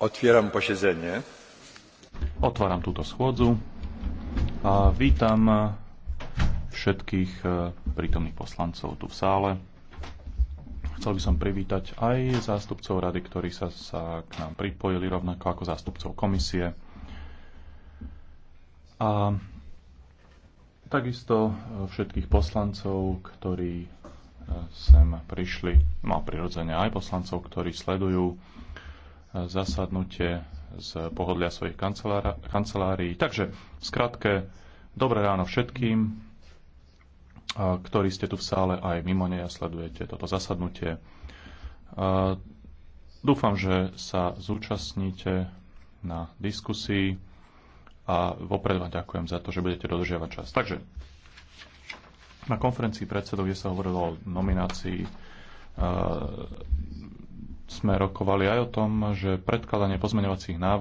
Otvieram posiedzenie. Otváram túto schôdzu a vítam všetkých e, prítomných poslancov tu v sále. Chcel by som privítať aj zástupcov rady, ktorí sa, sa k nám pripojili, rovnako ako zástupcov komisie. A takisto e, všetkých poslancov, ktorí e, sem prišli, no a prirodzene aj poslancov, ktorí sledujú zasadnutie z pohodlia svojich kancelárií. Takže v skratke, dobré ráno všetkým, ktorí ste tu v sále aj mimo nej a sledujete toto zasadnutie. Dúfam, že sa zúčastníte na diskusii a vopred vám ďakujem za to, že budete dodržiavať čas. Takže na konferencii predsedov, kde sa hovorilo o nominácii sme rokovali aj o tom, že predkladanie pozmeňovacích návrhov